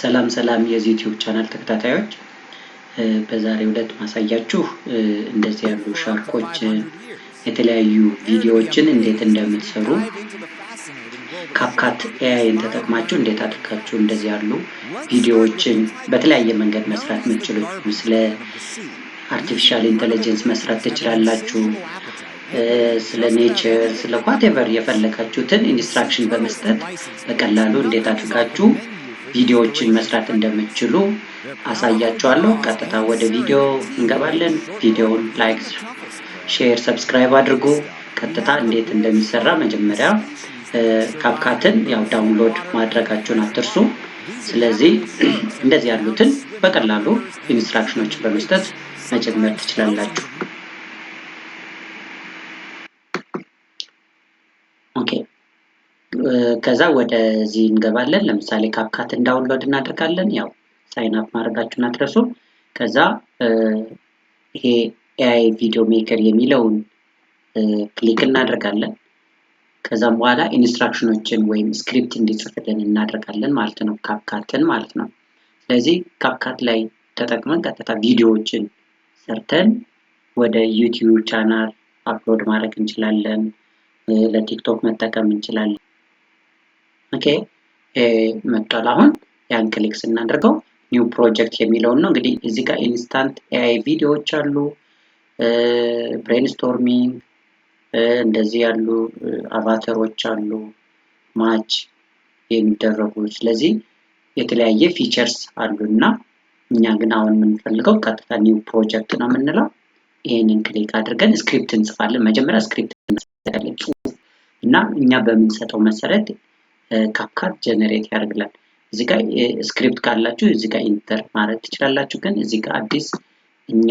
ሰላም ሰላም የዩቲዩብ ቻናል ተከታታዮች፣ በዛሬው ዕለት ማሳያችሁ እንደዚህ ያሉ ሻርኮችን የተለያዩ ቪዲዮዎችን እንዴት እንደምትሰሩ ካፕካት ኤአይን ተጠቅማችሁ እንዴት አድርጋችሁ እንደዚህ ያሉ ቪዲዮዎችን በተለያየ መንገድ መስራት ምችሉ ስለ አርቲፊሻል ኢንቴሊጀንስ መስራት ትችላላችሁ። ስለ ኔቸር ስለ ኳቴቨር የፈለጋችሁትን ኢንስትራክሽን በመስጠት በቀላሉ እንዴት አድርጋችሁ ቪዲዮዎችን መስራት እንደምችሉ አሳያችኋለሁ። ቀጥታ ወደ ቪዲዮ እንገባለን። ቪዲዮውን ላይክ፣ ሼር፣ ሰብስክራይብ አድርጉ። ቀጥታ እንዴት እንደሚሰራ መጀመሪያ ካፕካትን ያው ዳውንሎድ ማድረጋችሁን አትርሱ። ስለዚህ እንደዚህ ያሉትን በቀላሉ ኢንስትራክሽኖችን በመስጠት መጀመር ትችላላችሁ። ከዛ ወደዚህ እንገባለን። ለምሳሌ ካፕካት እንዳውንሎድ እናደርጋለን። ያው ሳይን አፕ ማድረጋችሁን አትረሱ። ከዛ ይሄ ኤአይ ቪዲዮ ሜከር የሚለውን ክሊክ እናደርጋለን። ከዛም በኋላ ኢንስትራክሽኖችን ወይም ስክሪፕት እንዲጽፍልን እናደርጋለን ማለት ነው፣ ካፕካትን ማለት ነው። ስለዚህ ካፕካት ላይ ተጠቅመን ቀጥታ ቪዲዮዎችን ሰርተን ወደ ዩቲዩብ ቻናል አፕሎድ ማድረግ እንችላለን። ለቲክቶክ መጠቀም እንችላለን። ኦኬ መጥቷል። አሁን ያን ክሊክ ስናደርገው ኒው ፕሮጀክት የሚለውን ነው እንግዲህ እዚህ ጋር ኢንስታንት ኤአይ ቪዲዮዎች አሉ፣ ብሬንስቶርሚንግ እንደዚህ ያሉ አቫተሮች አሉ ማች የሚደረጉ ስለዚህ የተለያየ ፊቸርስ አሉ እና እኛ ግን አሁን የምንፈልገው ቀጥታ ኒው ፕሮጀክት ነው የምንለው። ይህንን ክሊክ አድርገን ስክሪፕት እንጽፋለን። መጀመሪያ ስክሪፕት እና እኛ በምንሰጠው መሰረት ካፕካት ጀነሬት ያደርግላል። እዚህ ጋር ስክሪፕት ካላችሁ እዚህ ጋር ኢንተር ማድረግ ትችላላችሁ። ግን እዚህ ጋር አዲስ እኛ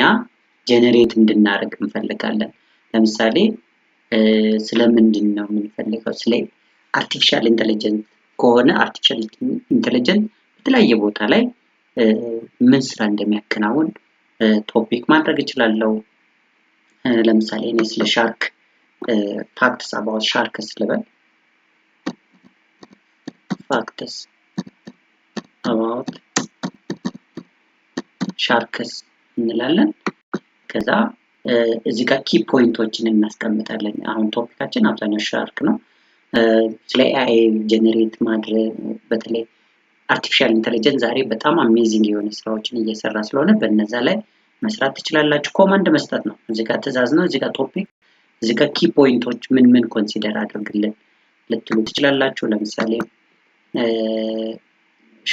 ጀነሬት እንድናደርግ እንፈልጋለን። ለምሳሌ ስለምንድን ነው የምንፈልገው? ስለ አርቲፊሻል ኢንቴሊጀንት ከሆነ አርቲፊሻል ኢንቴሊጀንት በተለያየ ቦታ ላይ ምን ስራ እንደሚያከናውን ቶፒክ ማድረግ እችላለሁ። ለምሳሌ እኔ ስለ ሻርክ ፋክትስ አባውት ሻርክ ስልበል facts about sharks እንላለን። ከዛ እዚህ ጋር ኪ ፖይንቶችን እናስቀምጣለን። አሁን ቶፒካችን አብዛኛው ሻርክ ነው። ስለ ኤአይ ጀነሬት ማድረግ በተለይ አርቲፊሻል ኢንቴሊጀንስ ዛሬ በጣም አሜዚንግ የሆነ ስራዎችን እየሰራ ስለሆነ በነዛ ላይ መስራት ትችላላችሁ። ኮማንድ መስጠት ነው። እዚህ ጋር ትእዛዝ ነው። እዚህ ጋር ቶፒክ፣ እዚህ ጋር ኪ ፖይንቶች ምን ምን ኮንሲደር አድርግልን ልትሉ ትችላላችሁ። ለምሳሌ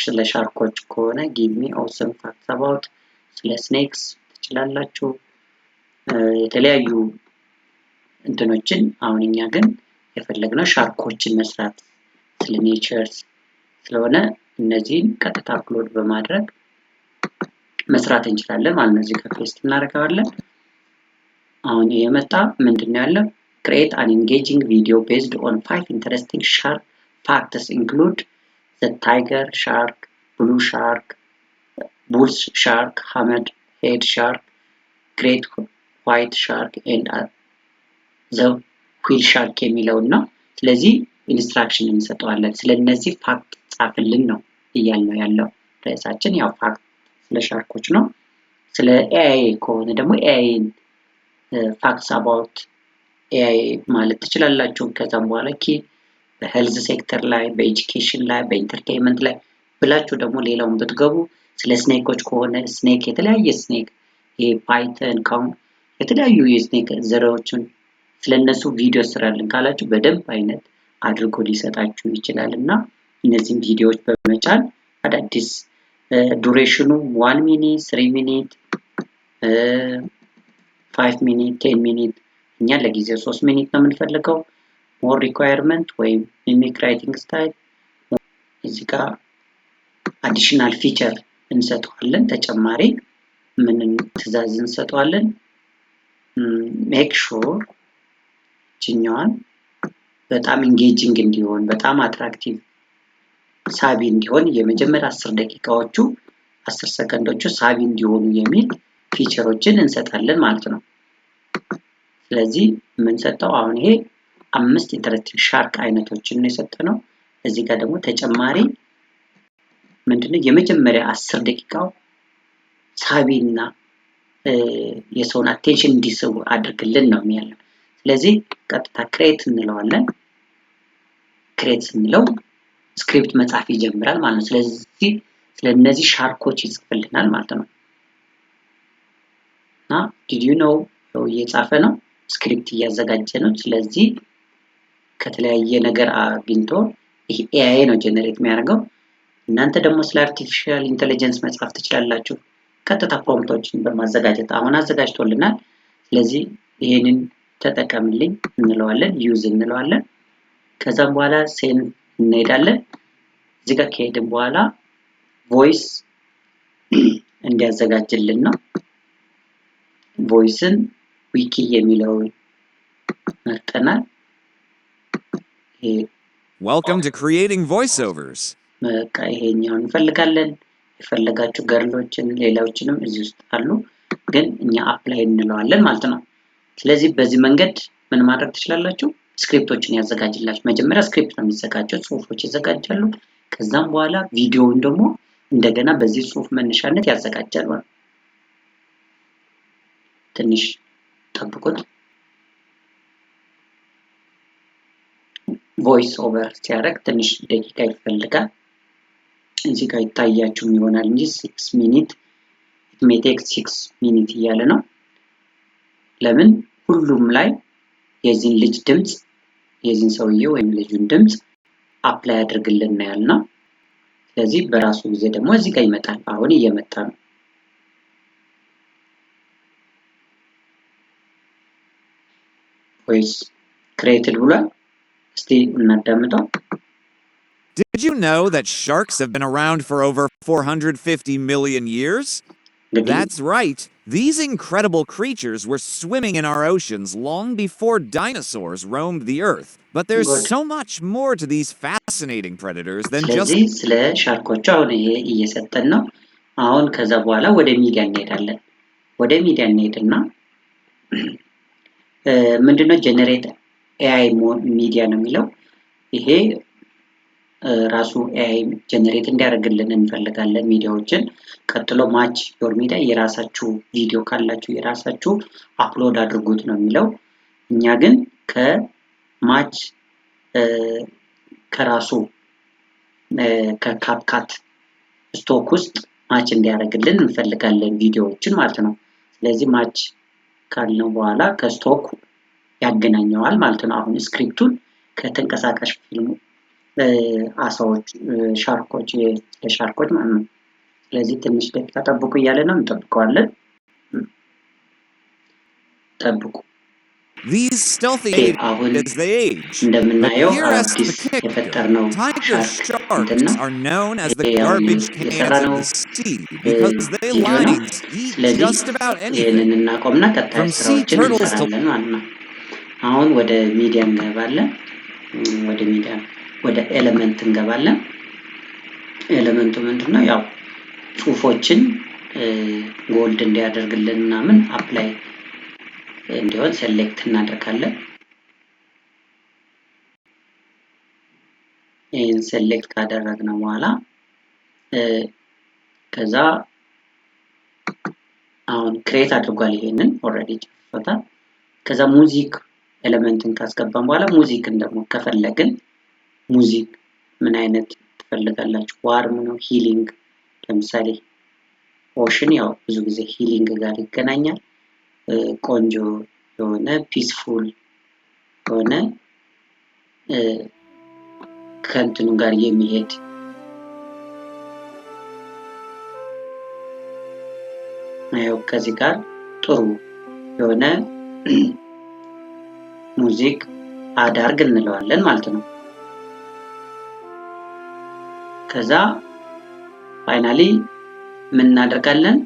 ስለ ሻርኮች ከሆነ ጊሚ ኦሰም ፋክት አባውት፣ ስለ ስኔክስ ትችላላችሁ። የተለያዩ እንትኖችን አሁን እኛ ግን የፈለግነው ሻርኮችን መስራት ስለ ኔቸርስ ስለሆነ እነዚህን ቀጥታ አፕሎድ በማድረግ መስራት እንችላለን ማለት ነው። እዚህ ከፌስት እናደርገዋለን። አሁን የመጣ ምንድን ነው ያለው? ክሬት አን ኢንጌጂንግ ቪዲዮ ቤዝድ ኦን ፋይቭ ኢንተረስቲንግ ሻርክ factors include the tiger shark, blue shark, bush shark, hammerhead shark, great white shark and the whale shark የሚለውን ነው። ስለዚህ ኢንስትራክሽን እንሰጠዋለን። ስለነዚህ ፋክት ጻፍልን ነው እያልነው ያለው ርዕሳችን ያው ፋክት ስለ ሻርኮች ነው። ስለ ኤአይ ከሆነ ደግሞ ኤአይን ፋክትስ አባውት ኤአይ ማለት ትችላላችሁ። ከዛም በኋላ ኪ በሄልዝ ሴክተር ላይ፣ በኤጁኬሽን ላይ፣ በኢንተርቴንመንት ላይ ብላችሁ ደግሞ ሌላውን ብትገቡ ስለ ስኔኮች ከሆነ ስኔክ የተለያየ ስኔክ ይሄ ፓይተን ካውን የተለያዩ የስኔክ ዘሮችን ስለነሱ ቪዲዮ ስራልን ካላችሁ በደንብ አይነት አድርጎ ሊሰጣችሁ ይችላል እና እነዚህም ቪዲዮዎች በመጫን አዳዲስ ዱሬሽኑ ዋን ሚኒት፣ ስሪ ሚኒት፣ ፋይቭ ሚኒት፣ ቴን ሚኒት እኛ ለጊዜው ሶስት ሚኒት ነው የምንፈልገው ሞር ሪኳየርመንት ወይም ሚሚክ ራይቲንግ ስታይል እዚህ ጋር አዲሽናል ፊቸር እንሰጠዋለን። ተጨማሪ ምን ትዕዛዝ እንሰጠዋለን? ሜክ ሹር ችኛዋን በጣም ኢንጌጂንግ እንዲሆን በጣም አትራክቲቭ ሳቢ እንዲሆን የመጀመሪያ አስር ደቂቃዎቹ አስር ሰከንዶቹ ሳቢ እንዲሆኑ የሚል ፊቸሮችን እንሰጣለን ማለት ነው። ስለዚህ የምንሰጠው አሁን ይሄ አምስት ኢንተረስቲንግ ሻርክ አይነቶችን ነው ነው። እዚህ ጋር ደግሞ ተጨማሪ ምንድነው የመጀመሪያ አስር ደቂቃው ሳቢና የሰውን አቴንሽን እንዲስቡ አድርግልን ነው የሚያለው። ስለዚህ ቀጥታ ክሬት እንለዋለን። ክሬት ስንለው ስክሪፕት መጻፍ ይጀምራል ማለት ነው። ስለዚህ ስለነዚህ ሻርኮች ይጽፍልናል ማለት ነው። እና ዲድ ዩ ኖው እየጻፈ ነው ስክሪፕት እያዘጋጀ ነው። ስለዚህ ከተለያየ ነገር አግኝቶ ይሄ ኤአይ ነው ጀነሬት የሚያደርገው። እናንተ ደግሞ ስለ አርቲፊሻል ኢንቴሊጀንስ መጻፍ ትችላላችሁ፣ ቀጥታ ፕሮምፕቶችን በማዘጋጀት አሁን አዘጋጅቶልናል። ስለዚህ ይህንን ተጠቀምልኝ እንለዋለን፣ ዩዝ እንለዋለን። ከዛም በኋላ ሴን እንሄዳለን። እዚህ ጋር ከሄድን በኋላ ቮይስ እንዲያዘጋጅልን ነው። ቮይስን ዊኪ የሚለውን መርጠናል። ወልካም ቱ ክሪኤቲንግ ቮይስ በቃ ይሄኛውን እንፈልጋለን። የፈለጋችሁ ገርሎችን ሌላዎችንም እዚህ ውስጥ አሉ፣ ግን እኛ አፕላይ እንለዋለን ማለት ነው። ስለዚህ በዚህ መንገድ ምን ማድረግ ትችላላችሁ? ስክሪፕቶችን ያዘጋጅላችሁ። መጀመሪያ ስክሪፕት ነው የሚዘጋጀው፣ ጽሁፎች ይዘጋጃሉ። ከዛም በኋላ ቪዲዮውን ደግሞ እንደገና በዚህ ጽሁፍ መነሻነት ያዘጋጃሉ። ትንሽ ጠብቁት። ቮይስ ኦቨር ሲያደርግ ትንሽ ደቂቃ ይፈልጋል። እዚህ ጋር ይታያችሁም ይሆናል እንጂ ሲክስ ሚኒት ሜቴክ ሲክስ ሚኒት እያለ ነው። ለምን ሁሉም ላይ የዚህን ልጅ ድምፅ የዚህን ሰውዬ ወይም ልጁን ድምፅ አፕላይ አድርግልን ያል ስለዚህ በራሱ ጊዜ ደግሞ እዚህ ጋር ይመጣል። አሁን እየመጣ ነው። ቮይስ ክሬትድ ብሏል። Did you know that sharks have been around for over 450 million years? That's right. These incredible creatures were swimming in our oceans long before dinosaurs roamed the earth. But there's so much more to these fascinating predators than just ምንድነው ጀነሬተር ኤአይ ሚዲያ ነው የሚለው ይሄ ራሱ ኤአይ ጀነሬት እንዲያደርግልን እንፈልጋለን ሚዲያዎችን። ቀጥሎ ማች ዮር ሚዲያ የራሳችሁ ቪዲዮ ካላችሁ የራሳችሁ አፕሎድ አድርጉት ነው የሚለው። እኛ ግን ከማች ከራሱ ከካፕካት ስቶክ ውስጥ ማች እንዲያደርግልን እንፈልጋለን ቪዲዮዎችን ማለት ነው። ስለዚህ ማች ካልነው በኋላ ከስቶክ ያገናኘዋል ማለት ነው። አሁን ስክሪፕቱን ከተንቀሳቃሽ ፊልሙ አሳዎች፣ ሻርኮች ለሻርኮች ማለት ነው። ስለዚህ ትንሽ ደቂቃ ጠብቁ እያለ ነው፣ እንጠብቀዋለን። ጠብቁ። አሁን እንደምናየው አዲስ የፈጠርነው የሰራነው ስለዚህ ይህንን እናቆምና ቀጣይ ስራዎችን እንሰራለን ማለት ነው። አሁን ወደ ሚዲያ እንገባለን። ወደ ሚዲያ ወደ ኤለመንት እንገባለን። ኤለመንቱ ምንድን ነው? ያው ጽሁፎችን ጎልድ እንዲያደርግልን ምናምን አፕላይ እንዲሆን ሴሌክት እናደርጋለን። ይህን ሴሌክት ካደረግነው በኋላ ከዛ አሁን ክሬት አድርጓል። ይሄንን ኦልሬዲ ጨርሶታል። ከዛ ሙዚክ ኤሌመንትን ካስገባን በኋላ ሙዚክን ደግሞ ከፈለግን ሙዚክ ምን አይነት ትፈልጋላችሁ? ዋርም ነው ሂሊንግ። ለምሳሌ ኦሽን ያው ብዙ ጊዜ ሂሊንግ ጋር ይገናኛል። ቆንጆ የሆነ ፒስፉል የሆነ ከንትኑ ጋር የሚሄድ ያው ከዚህ ጋር ጥሩ የሆነ ሙዚቅ አዳርግ እንለዋለን ማለት ነው። ከዛ ፋይናሊ ምን እናደርጋለን?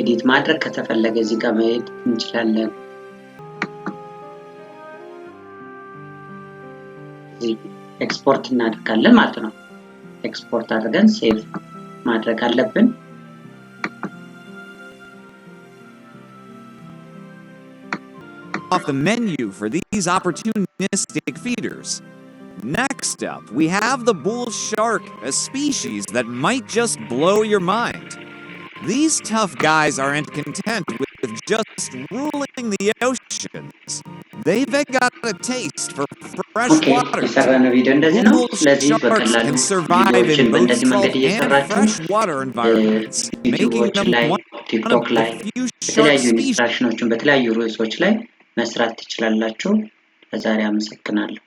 ኤዲት ማድረግ ከተፈለገ እዚህ ጋር መሄድ እንችላለን። ኤክስፖርት እናደርጋለን ማለት ነው። ኤክስፖርት አድርገን ሴቭ ማድረግ አለብን። off the menu for these opportunistic feeders. Next up, we have the bull shark, a species that might just blow your mind. These tough guys aren't content with just ruling the oceans. They've got a taste for fresh okay, water. Bull sharks can survive in both salt and fresh water uh, environments, making them one of the few shark species. መስራት ትችላላችሁ። ለዛሬ አመሰግናለሁ።